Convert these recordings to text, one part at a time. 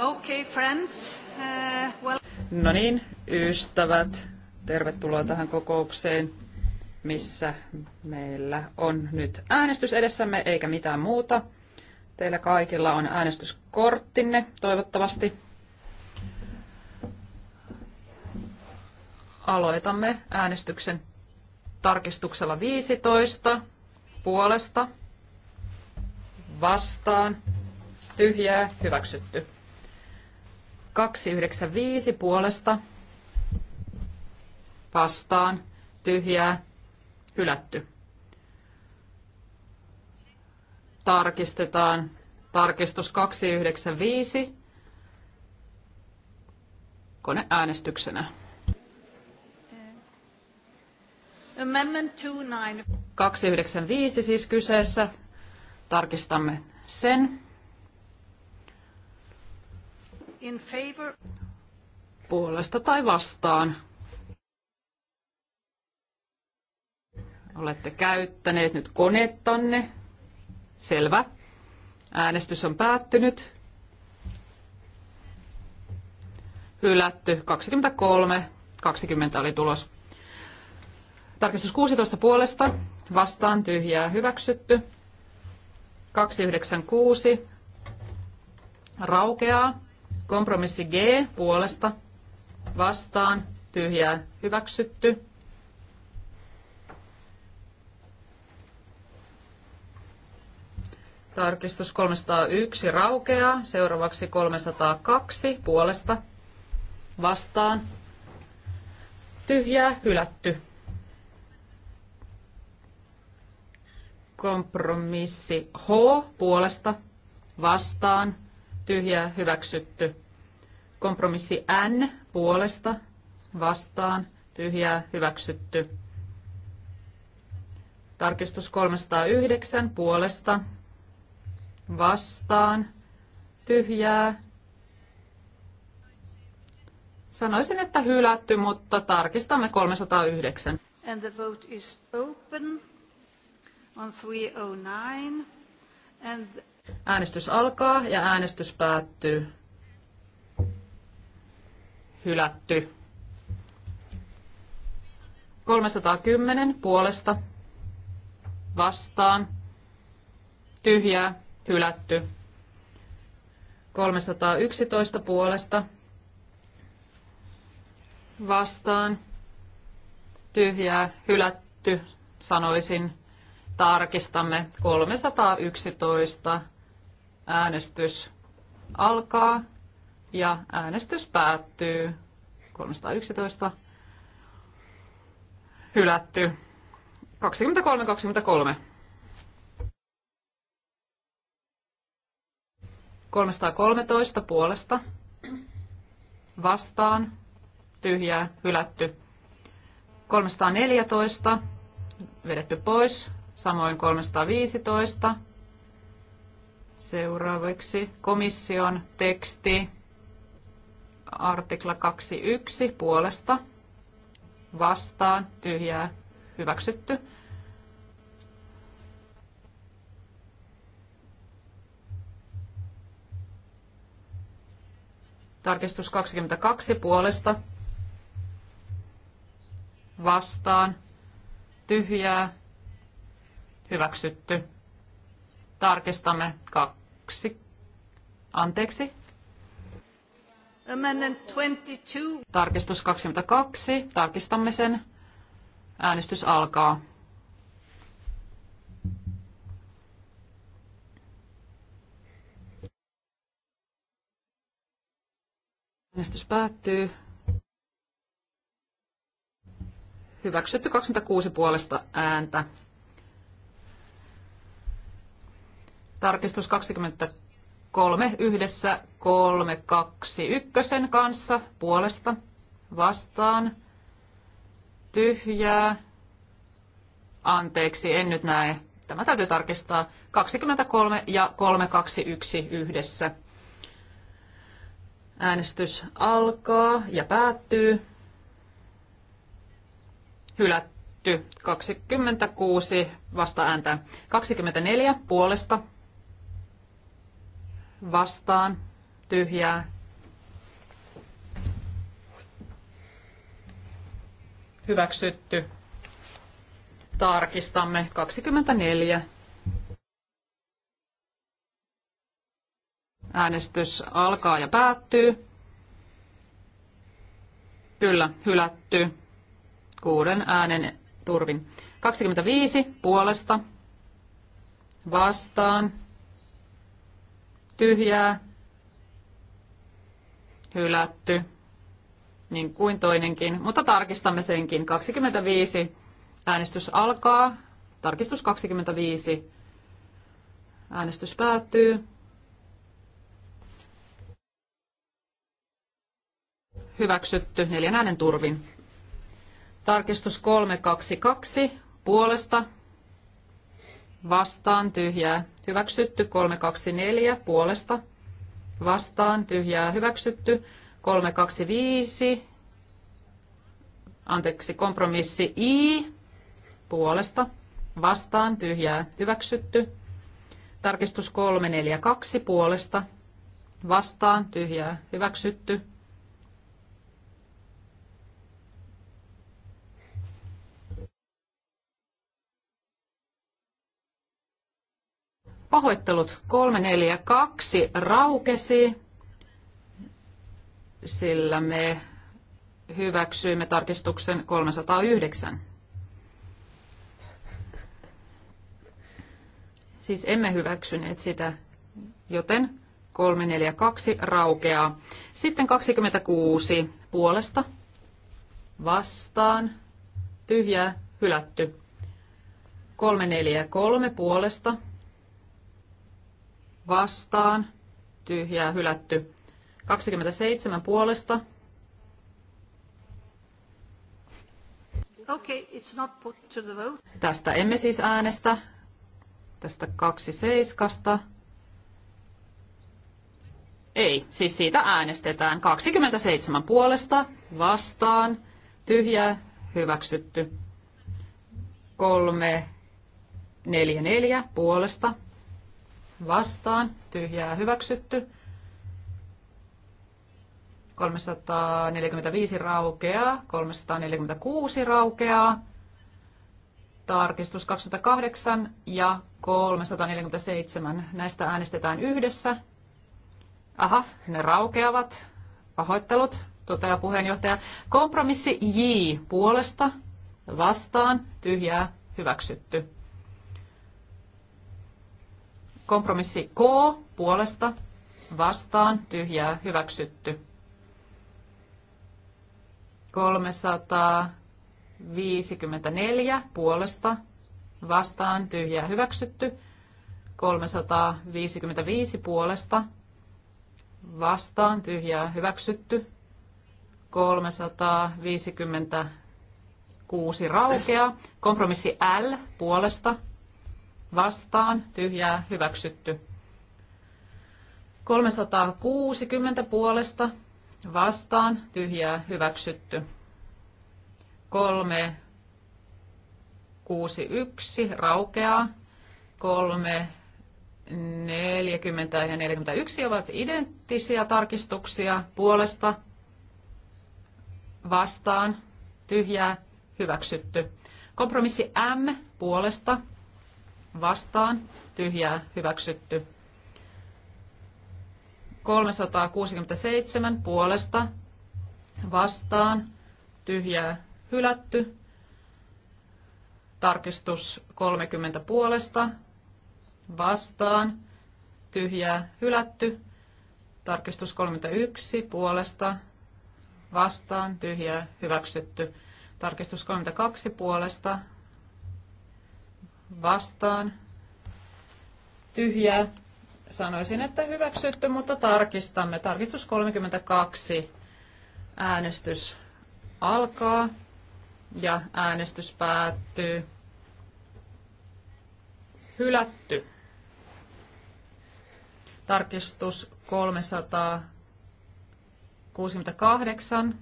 Okay, friends. Uh, well... No niin, ystävät, tervetuloa tähän kokoukseen, missä meillä on nyt äänestys edessämme eikä mitään muuta. Teillä kaikilla on äänestyskorttinne, toivottavasti. Aloitamme äänestyksen tarkistuksella 15 puolesta vastaan tyhjää hyväksytty. 295 puolesta vastaan tyhjää hylätty. Tarkistetaan tarkistus 295 koneäänestyksenä. Amendment 295 siis kyseessä. Tarkistamme sen in favor. Puolesta tai vastaan. Olette käyttäneet nyt konettanne. Selvä. Äänestys on päättynyt. Hylätty 23. 20 oli tulos. Tarkistus 16 puolesta. Vastaan tyhjää hyväksytty. 296 raukeaa. Kompromissi G puolesta vastaan tyhjää hyväksytty. Tarkistus 301 raukeaa. Seuraavaksi 302 puolesta vastaan. Tyhjää hylätty. Kompromissi H puolesta vastaan tyhjää hyväksytty. Kompromissi N puolesta vastaan tyhjää hyväksytty. Tarkistus 309 puolesta vastaan tyhjää. Sanoisin, että hylätty, mutta tarkistamme 309. And the vote is open on 309 and Äänestys alkaa ja äänestys päättyy. Hylätty. 310 puolesta vastaan. Tyhjää, hylätty. 311 puolesta vastaan. Tyhjää, hylätty, sanoisin. Tarkistamme 311 Äänestys alkaa ja äänestys päättyy. 311 hylätty. 23, 23. 313 puolesta vastaan tyhjää hylätty. 314 vedetty pois, samoin 315 Seuraavaksi komission teksti artikla 2.1 puolesta vastaan tyhjää hyväksytty. Tarkistus 22 puolesta vastaan tyhjää hyväksytty. Tarkistamme kaksi. Anteeksi. Amendment 22. Tarkistus 22. Tarkistamme sen. Äänestys alkaa. Äänestys päättyy. Hyväksytty 26 puolesta ääntä. Tarkistus 23 yhdessä 321 kanssa puolesta vastaan. Tyhjää. Anteeksi, en nyt näe. Tämä täytyy tarkistaa. 23 ja 321 yhdessä. Äänestys alkaa ja päättyy. Hylätty. 26 vasta ääntä. 24 puolesta vastaan, tyhjää, hyväksytty. Tarkistamme 24. Äänestys alkaa ja päättyy. Kyllä, hylätty. Kuuden äänen turvin. 25 puolesta vastaan tyhjää, hylätty, niin kuin toinenkin, mutta tarkistamme senkin. 25 äänestys alkaa, tarkistus 25, äänestys päättyy. Hyväksytty neljän äänen turvin. Tarkistus 322 puolesta vastaan tyhjää hyväksytty 324 puolesta vastaan tyhjää hyväksytty 325 anteeksi kompromissi I puolesta vastaan tyhjää hyväksytty tarkistus 342 puolesta vastaan tyhjää hyväksytty Pahoittelut 342 raukesi, sillä me hyväksyimme tarkistuksen 309. Siis emme hyväksyneet sitä, joten 342 raukeaa. Sitten 26 puolesta vastaan tyhjää hylätty. 343 puolesta vastaan, tyhjää hylätty. 27 puolesta. Okay, it's not put to the vote. Tästä emme siis äänestä. Tästä kaksi seiskasta. Ei, siis siitä äänestetään 27 puolesta, vastaan, tyhjää, hyväksytty. 3, 4, 4 puolesta, vastaan, tyhjää hyväksytty. 345 raukeaa, 346 raukeaa, tarkistus 28 ja 347. Näistä äänestetään yhdessä. Aha, ne raukeavat. Pahoittelut, toteaa puheenjohtaja. Kompromissi J puolesta, vastaan, tyhjää, hyväksytty. Kompromissi K puolesta vastaan tyhjää hyväksytty. 354 puolesta vastaan tyhjää hyväksytty. 355 puolesta vastaan tyhjää hyväksytty. 356 raukea. Kompromissi L puolesta vastaan, tyhjää, hyväksytty. 360 puolesta vastaan, tyhjää, hyväksytty. 3, 6, 1 raukeaa. 3, 40 ja 41 ovat identtisiä tarkistuksia puolesta vastaan, tyhjää, hyväksytty. Kompromissi M puolesta vastaan, tyhjää hyväksytty. 367 puolesta vastaan, tyhjää hylätty. Tarkistus 30 puolesta vastaan, tyhjää hylätty. Tarkistus 31 puolesta vastaan, tyhjää hyväksytty. Tarkistus 32 puolesta vastaan tyhjää. Sanoisin, että hyväksytty, mutta tarkistamme. Tarkistus 32. Äänestys alkaa ja äänestys päättyy. Hylätty. Tarkistus 368.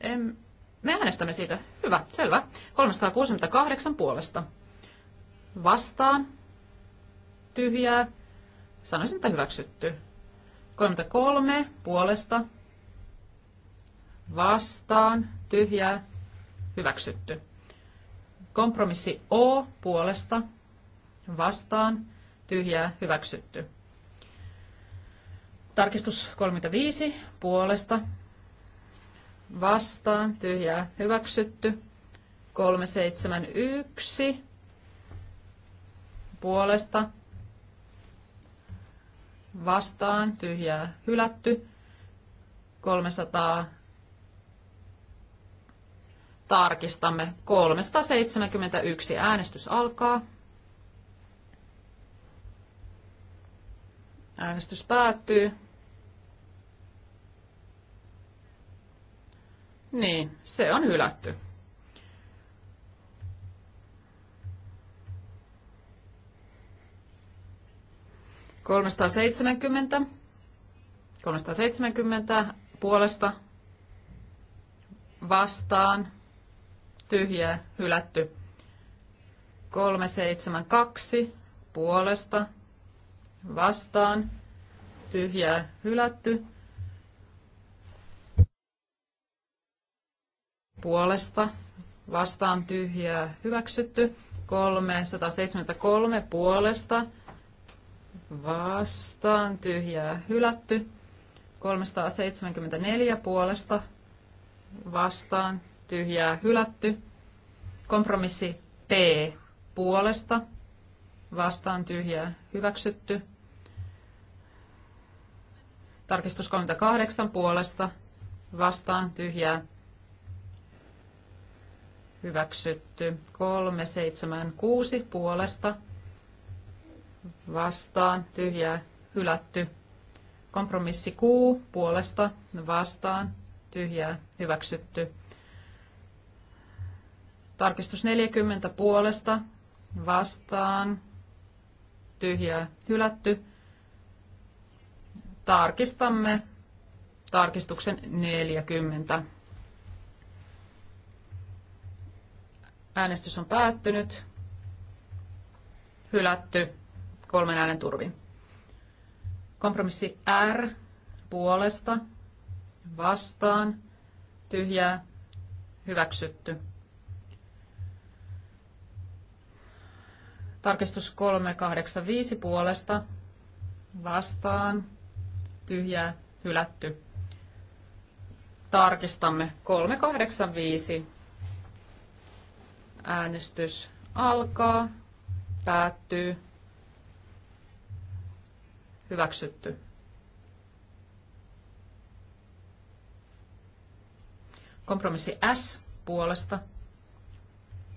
En, me äänestämme siitä. Hyvä, selvä. 368 puolesta. Vastaan. Tyhjää. Sanoisin, että hyväksytty. 33 puolesta. Vastaan. Tyhjää. Hyväksytty. Kompromissi O puolesta. Vastaan. Tyhjää. Hyväksytty. Tarkistus 35 puolesta vastaan, tyhjää hyväksytty. 371 puolesta vastaan, tyhjää hylätty. 300 tarkistamme. 371 äänestys alkaa. Äänestys päättyy. Niin, se on hylätty. Kolmesta seitsemänkymmentä. 370 puolesta vastaan tyhjää hylätty. 372 puolesta vastaan tyhjää hylätty. puolesta vastaan tyhjää hyväksytty. 373 puolesta vastaan tyhjää hylätty. 374 puolesta vastaan tyhjää hylätty. Kompromissi P puolesta vastaan tyhjää hyväksytty. Tarkistus 38 puolesta vastaan tyhjää Hyväksytty. 376 puolesta vastaan, tyhjää, hylätty. Kompromissi Q puolesta vastaan, tyhjää, hyväksytty. Tarkistus 40 puolesta vastaan, tyhjää, hylätty. Tarkistamme tarkistuksen 40. Äänestys on päättynyt. Hylätty kolmen äänen turvin. Kompromissi R puolesta, vastaan, tyhjää, hyväksytty. Tarkistus 385 puolesta, vastaan, tyhjää, hylätty. Tarkistamme 385 Äänestys alkaa, päättyy, hyväksytty. Kompromissi S puolesta,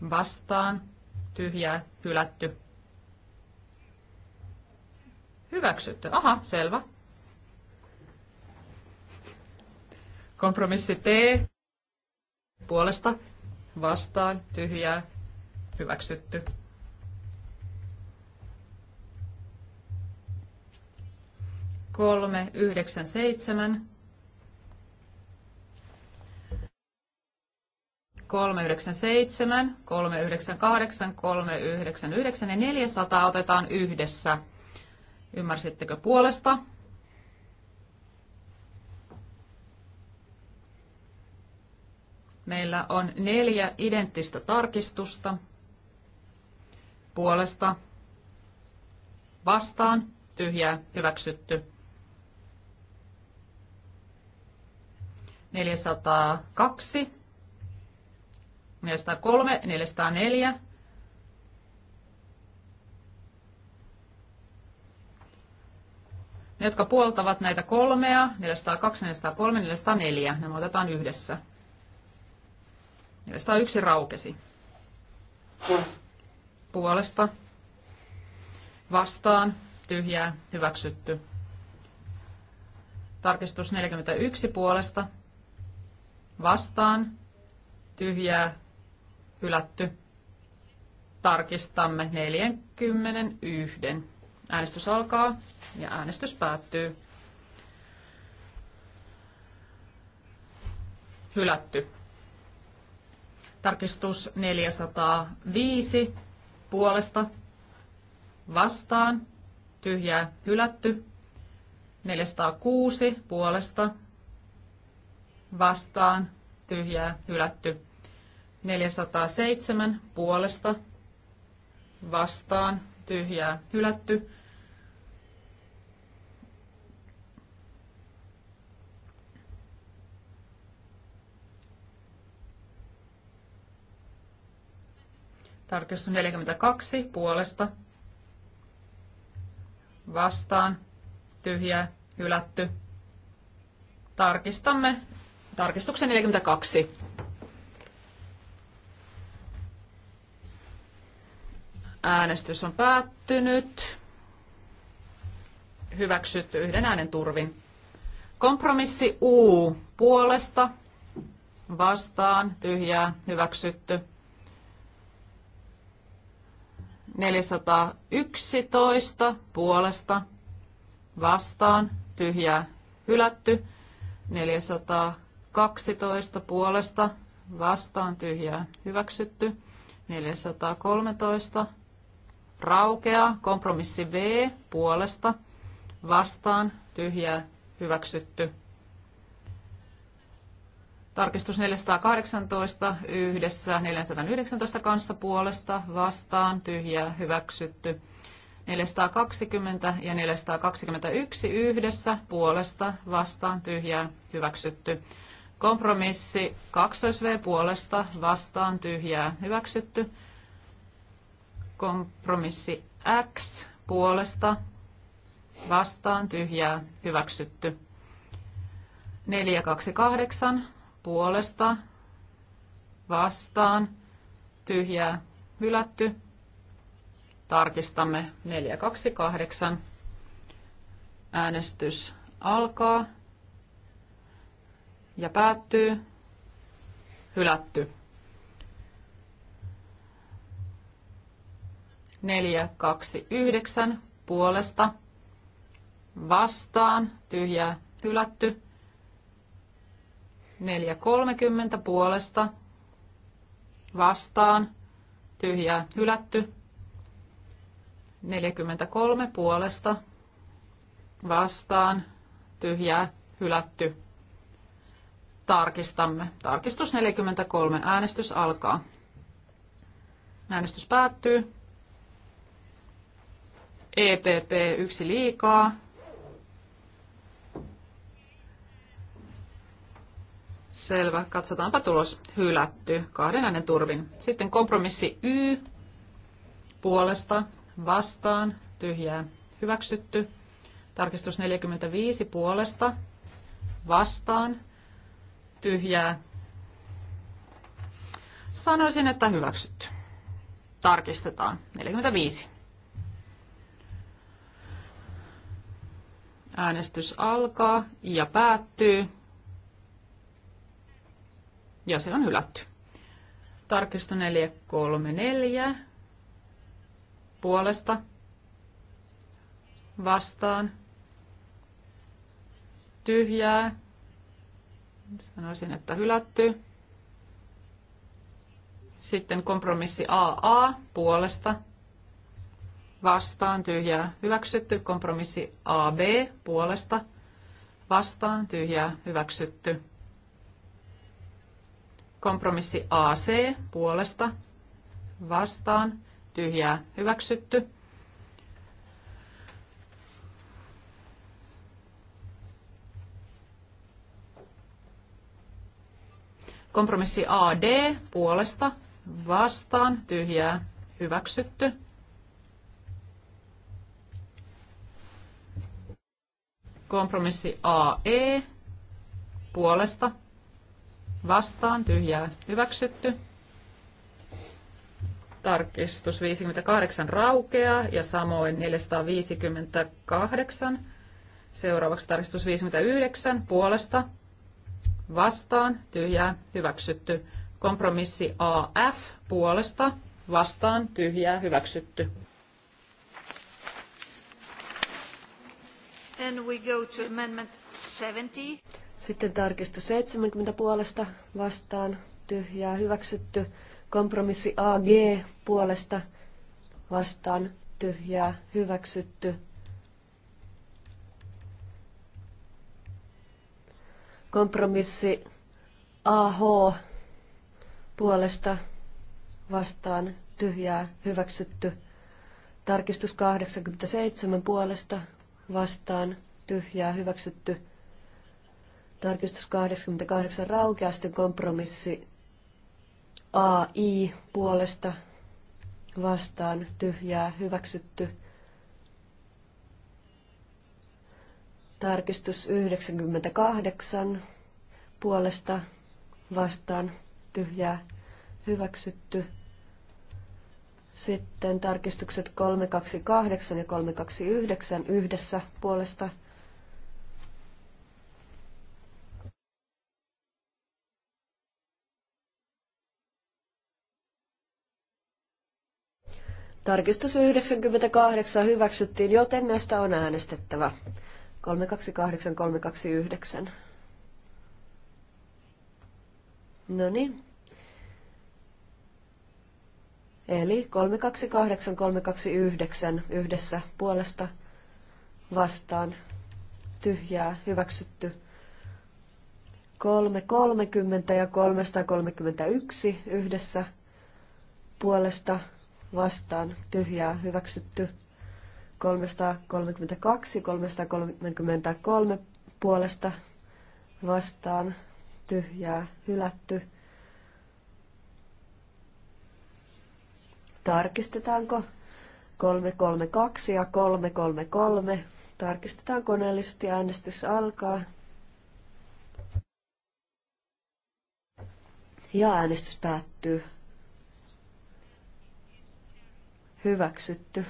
vastaan, tyhjää, hylätty. Hyväksytty. Aha, selvä. Kompromissi T puolesta, vastaan, tyhjää, hyväksytty. Kolme, yhdeksän, seitsemän. Kolme, yhdeksän, seitsemän, kolme, yhdeksän, kahdeksan, kolme, yhdeksän, yhdeksän ja neljäsataa otetaan yhdessä. Ymmärsittekö puolesta? Meillä on neljä identtistä tarkistusta puolesta vastaan tyhjää hyväksytty. 402, 403, 404, Ne, jotka puoltavat näitä kolmea, 402, 403, 404, nämä otetaan yhdessä. 401 raukesi. Puolesta. Vastaan. Tyhjää. Hyväksytty. Tarkistus 41 puolesta. Vastaan. Tyhjää. Hylätty. Tarkistamme 41. Äänestys alkaa ja äänestys päättyy. Hylätty. Tarkistus 405 puolesta vastaan, tyhjää hylätty. 406 puolesta vastaan, tyhjää hylätty. 407 puolesta vastaan, tyhjää hylätty. Tarkistus 42 puolesta. Vastaan. Tyhjää. Hylätty. Tarkistamme. Tarkistuksen 42. Äänestys on päättynyt. Hyväksytty yhden äänen turvin. Kompromissi U puolesta vastaan tyhjää hyväksytty. 411 puolesta vastaan tyhjää hylätty. 412 puolesta vastaan tyhjää hyväksytty. 413 raukeaa. Kompromissi B puolesta vastaan tyhjää hyväksytty. Tarkistus 418 yhdessä 419 kanssa puolesta vastaan tyhjää hyväksytty. 420 ja 421 yhdessä puolesta vastaan tyhjää hyväksytty. Kompromissi 2V puolesta vastaan tyhjää hyväksytty. Kompromissi X puolesta vastaan tyhjää hyväksytty. 428 puolesta, vastaan, tyhjää, hylätty. Tarkistamme 428. Äänestys alkaa ja päättyy. Hylätty. 429 puolesta vastaan tyhjää hylätty. 4.30 puolesta vastaan tyhjää hylätty. 43 puolesta vastaan tyhjää hylätty. Tarkistamme. Tarkistus 43. Äänestys alkaa. Äänestys päättyy. EPP yksi liikaa. Selvä. Katsotaanpa tulos. Hylätty. Kahden äänen turvin. Sitten kompromissi Y. Puolesta. Vastaan. Tyhjää. Hyväksytty. Tarkistus 45. Puolesta. Vastaan. Tyhjää. Sanoisin, että hyväksytty. Tarkistetaan. 45. Äänestys alkaa ja päättyy ja se on hylätty. Tarkisto 434 puolesta vastaan tyhjää. Sanoisin, että hylätty. Sitten kompromissi AA puolesta vastaan tyhjää hyväksytty. Kompromissi AB puolesta vastaan tyhjää hyväksytty. Kompromissi AC puolesta vastaan tyhjää hyväksytty. Kompromissi AD puolesta vastaan tyhjää hyväksytty. Kompromissi AE puolesta vastaan, tyhjää hyväksytty. Tarkistus 58 raukeaa ja samoin 458. Seuraavaksi tarkistus 59 puolesta vastaan, tyhjää hyväksytty. Kompromissi AF puolesta vastaan, tyhjää hyväksytty. And we go to amendment 70. Sitten tarkistus 70 puolesta vastaan tyhjää hyväksytty. Kompromissi AG puolesta vastaan tyhjää hyväksytty. Kompromissi AH puolesta vastaan tyhjää hyväksytty. Tarkistus 87 puolesta vastaan tyhjää hyväksytty. Tarkistus 88 raukeasten kompromissi AI puolesta vastaan tyhjää hyväksytty. Tarkistus 98 puolesta vastaan tyhjää hyväksytty. Sitten tarkistukset 328 ja 329 yhdessä puolesta Tarkistus 98 hyväksyttiin, joten näistä on äänestettävä. 328, 329. No niin. Eli 328, 329 yhdessä puolesta vastaan tyhjää hyväksytty. 330 ja 331 yhdessä puolesta vastaan tyhjää hyväksytty. 332, 333 puolesta vastaan tyhjää hylätty. Tarkistetaanko 332 ja 333? Tarkistetaan koneellisesti. Äänestys alkaa. Ja äänestys päättyy. hyväksytty.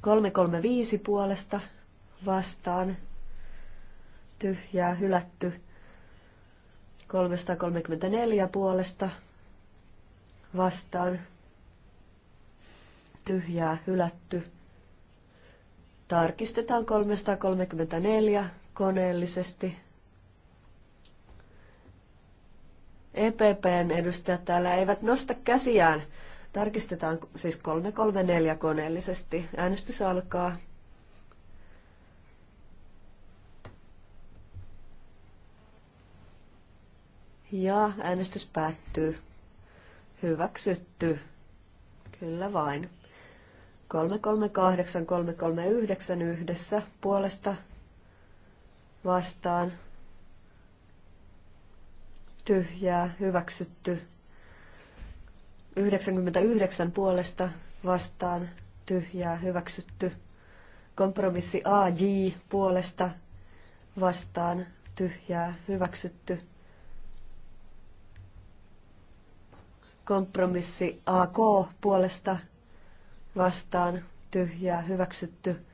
335 puolesta vastaan tyhjää hylätty. 334 puolesta vastaan tyhjää hylätty. Tarkistetaan 334 koneellisesti. EPPn edustajat täällä eivät nosta käsiään. Tarkistetaan siis 334 koneellisesti. Äänestys alkaa. Ja äänestys päättyy. Hyväksytty. Kyllä vain. 338, 339 yhdessä puolesta vastaan. Tyhjää, hyväksytty. 99 puolesta vastaan tyhjää hyväksytty. Kompromissi AJ puolesta vastaan tyhjää hyväksytty. Kompromissi AK puolesta vastaan tyhjää hyväksytty.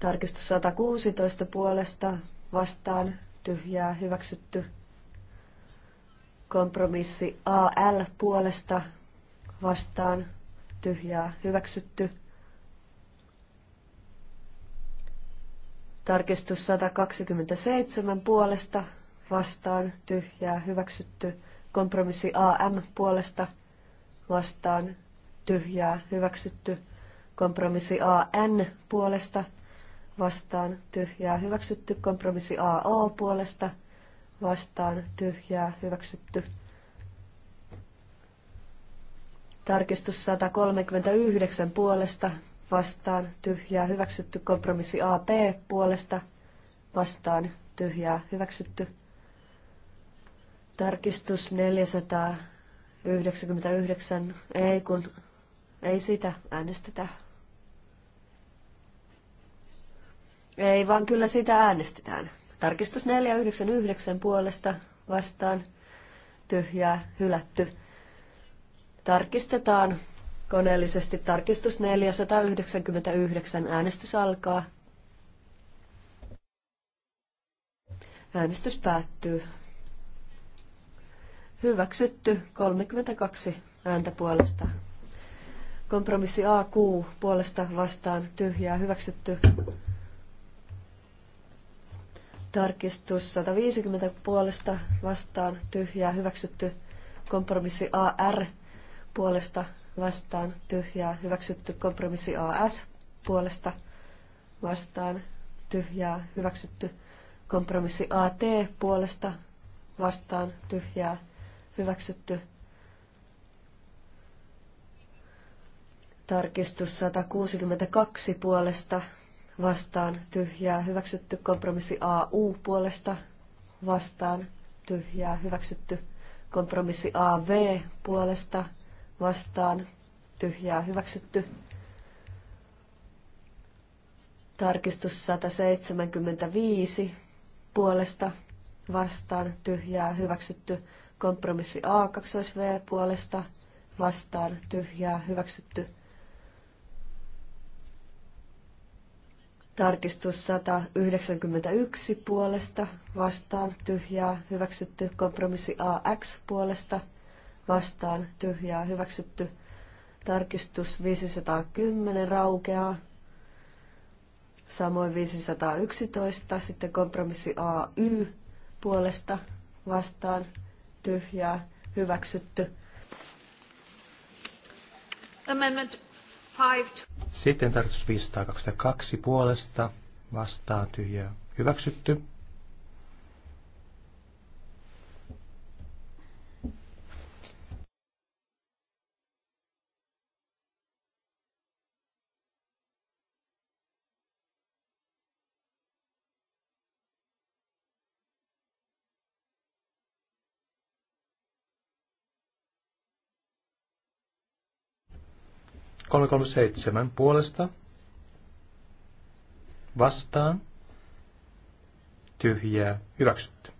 Tarkistus 116 puolesta vastaan tyhjää hyväksytty. Kompromissi AL puolesta vastaan tyhjää hyväksytty. Tarkistus 127 puolesta vastaan tyhjää hyväksytty. Kompromissi AM puolesta vastaan tyhjää hyväksytty. Kompromissi AN puolesta vastaan tyhjää hyväksytty. Kompromissi AO puolesta vastaan, vastaan tyhjää hyväksytty. Tarkistus 139 puolesta vastaan tyhjää hyväksytty. Kompromissi AP puolesta vastaan tyhjää hyväksytty. Tarkistus 499, ei kun, ei sitä äänestetä. Ei vaan kyllä sitä äänestetään. Tarkistus 499 puolesta vastaan tyhjää hylätty. Tarkistetaan koneellisesti. Tarkistus 499. Äänestys alkaa. Äänestys päättyy. Hyväksytty 32 ääntä puolesta. Kompromissi A A6 puolesta vastaan tyhjää hyväksytty Tarkistus 150 puolesta vastaan tyhjää hyväksytty. Kompromissi AR puolesta vastaan tyhjää hyväksytty. Kompromissi AS puolesta vastaan tyhjää hyväksytty. Kompromissi AT puolesta vastaan tyhjää hyväksytty. Tarkistus 162 puolesta vastaan tyhjää hyväksytty. Kompromissi AU puolesta vastaan tyhjää hyväksytty. Kompromissi AV puolesta vastaan tyhjää hyväksytty. Tarkistus 175 puolesta vastaan tyhjää hyväksytty. Kompromissi A2V puolesta vastaan tyhjää hyväksytty. Tarkistus 191 puolesta vastaan tyhjää hyväksytty. Kompromissi AX puolesta vastaan tyhjää hyväksytty. Tarkistus 510 raukeaa. Samoin 511, sitten kompromissi AY puolesta vastaan tyhjää hyväksytty. Amendment sitten tarkistus 522 puolesta vastaan tyhjää hyväksytty. 337 puolesta vastaan tyhjää hyväksytty.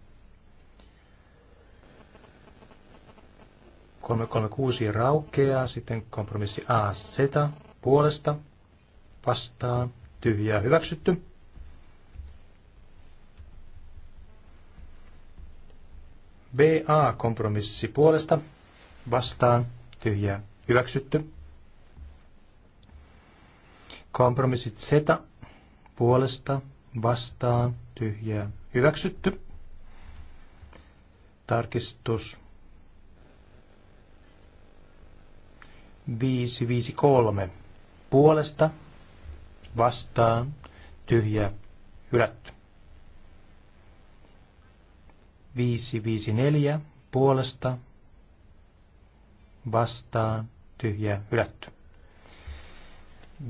336 raukeaa, sitten kompromissi A, Z puolesta vastaan tyhjää hyväksytty. BA-kompromissi puolesta vastaan tyhjää hyväksytty. Kompromissit Seta puolesta vastaan tyhjää hyväksytty. Tarkistus 553 puolesta vastaan tyhjä hylätty. 554 puolesta vastaan tyhjä hylätty.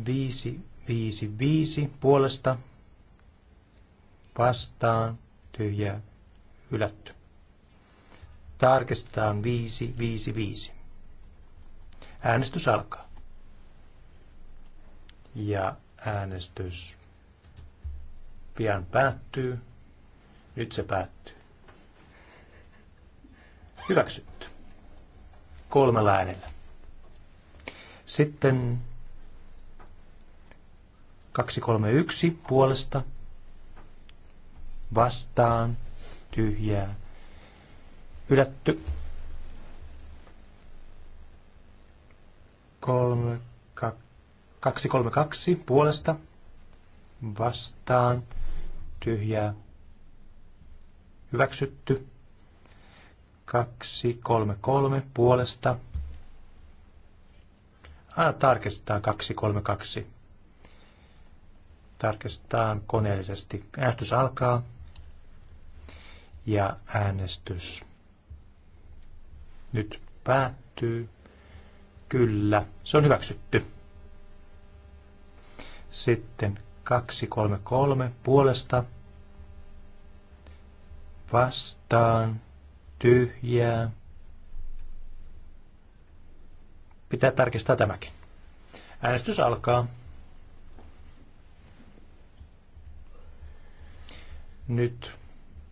555 puolesta vastaan tyhjä hylätty. Tarkistetaan 555. Äänestys alkaa. Ja äänestys pian päättyy. Nyt se päättyy. Hyväksytty. Kolmella äänellä. Sitten 231 puolesta vastaan tyhjää ylätty 232 puolesta vastaan tyhjää hyväksytty 233 puolesta. Aina tarkistaa 232 tarkistaa koneellisesti. Äänestys alkaa ja äänestys nyt päättyy. Kyllä, se on hyväksytty. Sitten 233 puolesta vastaan tyhjää. Pitää tarkistaa tämäkin. Äänestys alkaa. Nyt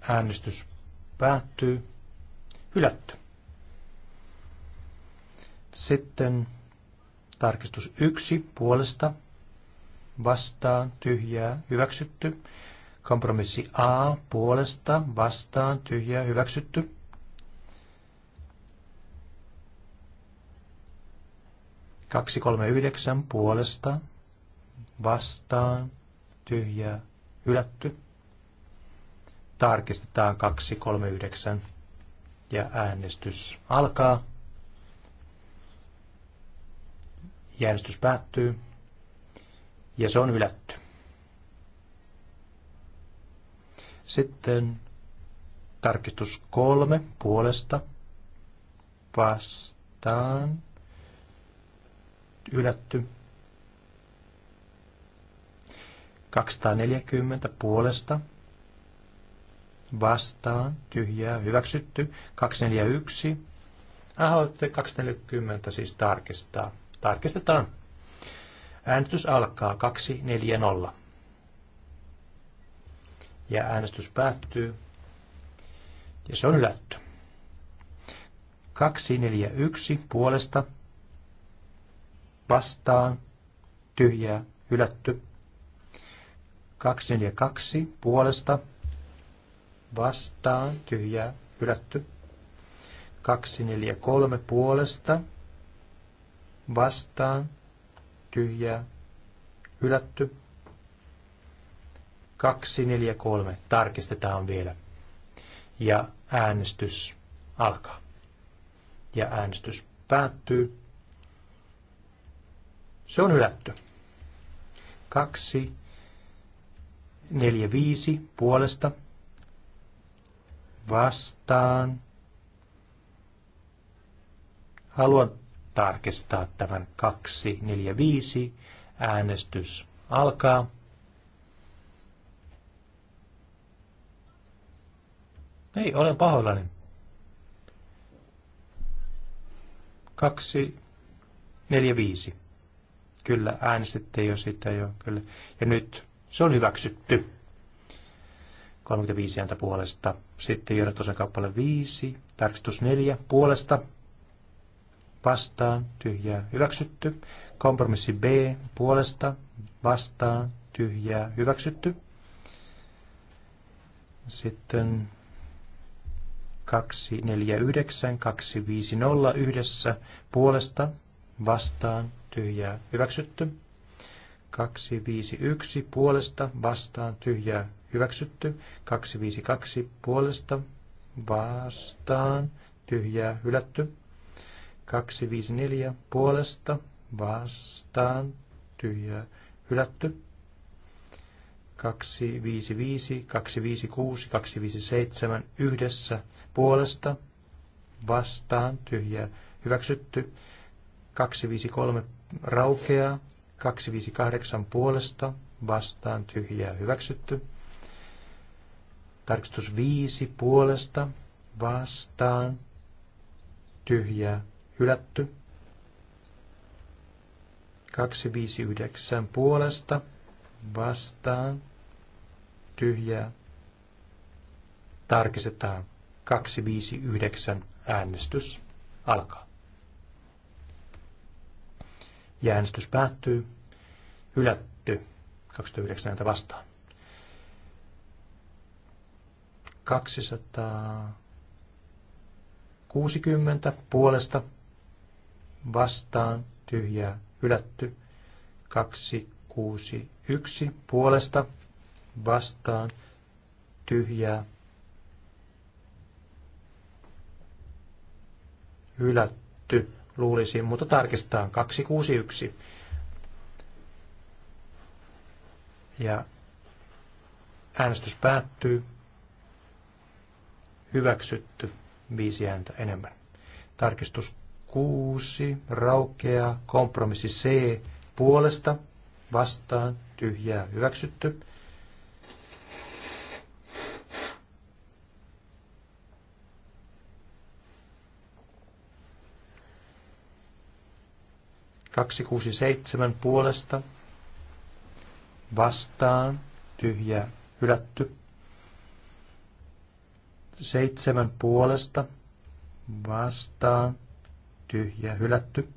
äänestys päättyy. Hylätty. Sitten tarkistus yksi puolesta vastaan tyhjää hyväksytty. Kompromissi A puolesta vastaan tyhjää hyväksytty. Kaksi kolme yhdeksän puolesta vastaan tyhjää hylätty tarkistetaan 239 ja äänestys alkaa. Ja äänestys päättyy ja se on ylätty. Sitten tarkistus kolme puolesta vastaan ylätty 240 puolesta vastaan, tyhjää, hyväksytty. 241. Haluatte 240 siis tarkistaa. Tarkistetaan. Äänestys alkaa 240. Ja äänestys päättyy. Ja se on ylätty. 241 puolesta vastaan tyhjää ylätty, 242 puolesta vastaan, tyhjää, hylätty. 243 puolesta, vastaan, tyhjää, hylätty. 243 tarkistetaan vielä. Ja äänestys alkaa. Ja äänestys päättyy. Se on hylätty. 2, 4, 5 puolesta vastaan. Haluan tarkistaa tämän 5. Äänestys alkaa. Ei, olen pahoillani. Kaksi, neljä, viisi. Kyllä, äänestitte jo sitä jo, kyllä. Ja nyt se on hyväksytty. 35 ääntä puolesta. Sitten johdatuksen kappale 5, tarkistus 4 puolesta. Vastaan, tyhjää, hyväksytty. Kompromissi B puolesta, vastaan, tyhjää, hyväksytty. Sitten 249, 250 yhdessä puolesta, vastaan, tyhjää, hyväksytty. 251 puolesta, vastaan, tyhjää, hyväksytty. 252 puolesta vastaan, tyhjää hylätty. 254 puolesta vastaan, tyhjää hylätty. 255, 256, 257 yhdessä puolesta vastaan, tyhjää hyväksytty. 253 raukeaa, 258 puolesta vastaan, tyhjää hyväksytty. Tarkistus viisi puolesta vastaan tyhjää hylätty. 259 puolesta vastaan tyhjää. Tarkistetaan 259 äänestys alkaa. Ja äänestys päättyy. Hylätty 29 vastaan. 260 puolesta vastaan tyhjää hylätty. 261 puolesta vastaan tyhjää hylätty, luulisi, mutta tarkistetaan 261. Ja äänestys päättyy hyväksytty viisi ääntä enemmän. Tarkistus 6 raukeaa kompromissi C puolesta vastaan tyhjää hyväksytty. Kaksi kuusi seitsemän puolesta vastaan tyhjää hylätty. Seitsemän puolesta vastaan tyhjä hylätty.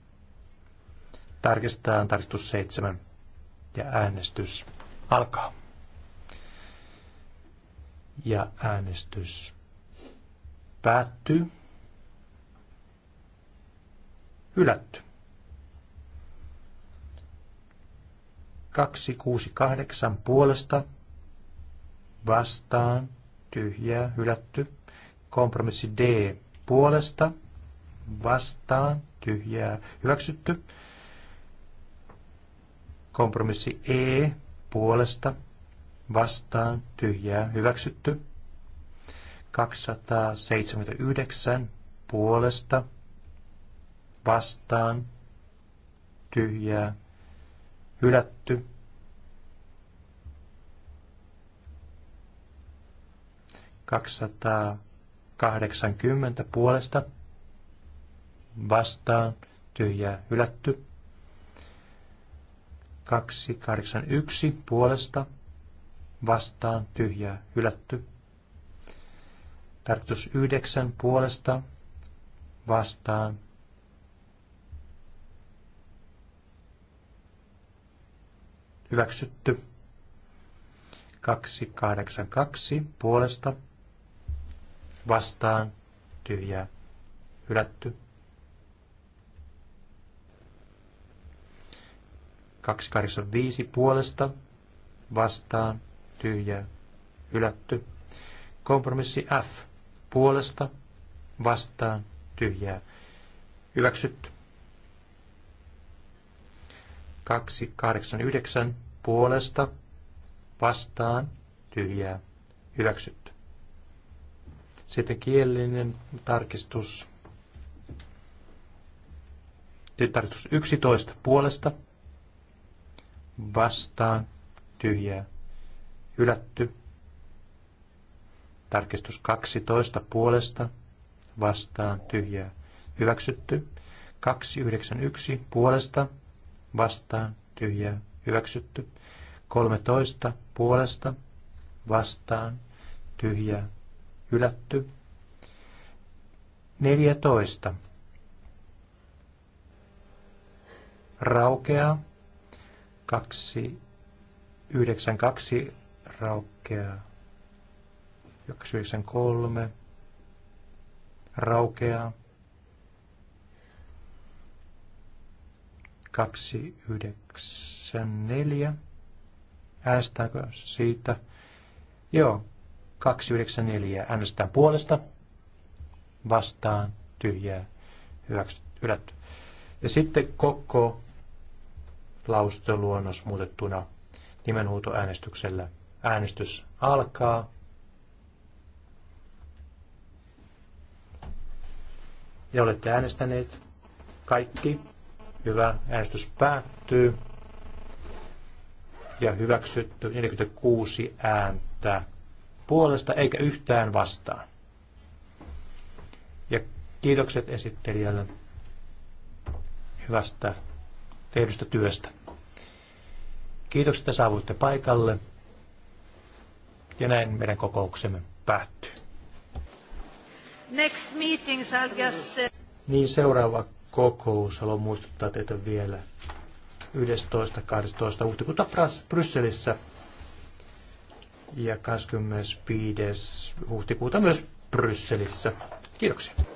Tarkistetaan tarkistus seitsemän ja äänestys alkaa. Ja äänestys päättyy. Hylätty. 268 puolesta vastaan tyhjää, hylätty. Kompromissi D puolesta, vastaan, tyhjää, hyväksytty. Kompromissi E puolesta, vastaan, tyhjää, hyväksytty. 279 puolesta, vastaan, tyhjää, hylätty. 280 puolesta vastaan tyhjää hylätty. 281 puolesta vastaan tyhjää hylätty. Tarkoitus 9 puolesta vastaan hyväksytty. 282 puolesta vastaan, tyhjää, hylätty. 285 puolesta, vastaan, tyhjää, hylätty. Kompromissi F, puolesta, vastaan, tyhjää, hyväksytty. 289 puolesta, vastaan, tyhjää, hyväksytty. Sitten kielinen tarkistus. Sitten tarkistus 11 puolesta. Vastaan. Tyhjää. Hylätty. Tarkistus 12 puolesta. Vastaan. Tyhjää. Hyväksytty. 291 puolesta. Vastaan. Tyhjää. Hyväksytty. 13 puolesta. Vastaan. Tyhjää hylätty. 14. Raukea 2, 9, 2 raukeaa. raukea, 9, Äästääkö siitä? Joo, 294. Äänestetään puolesta. Vastaan. Tyhjää. Hylätty. Ja sitten koko lausuntoluonnos muutettuna nimenhuutoäänestyksellä. Äänestys alkaa. Ja olette äänestäneet kaikki. Hyvä. Äänestys päättyy. Ja hyväksytty 46 ääntä, puolesta eikä yhtään vastaan. Ja kiitokset esittelijälle hyvästä tehdystä työstä. Kiitokset, että saavuitte paikalle. Ja näin meidän kokouksemme päättyy. Next meeting, just... Niin seuraava kokous, haluan muistuttaa teitä vielä 11.12. huhtikuuta Brysselissä ja 25. huhtikuuta myös Brysselissä. Kiitoksia.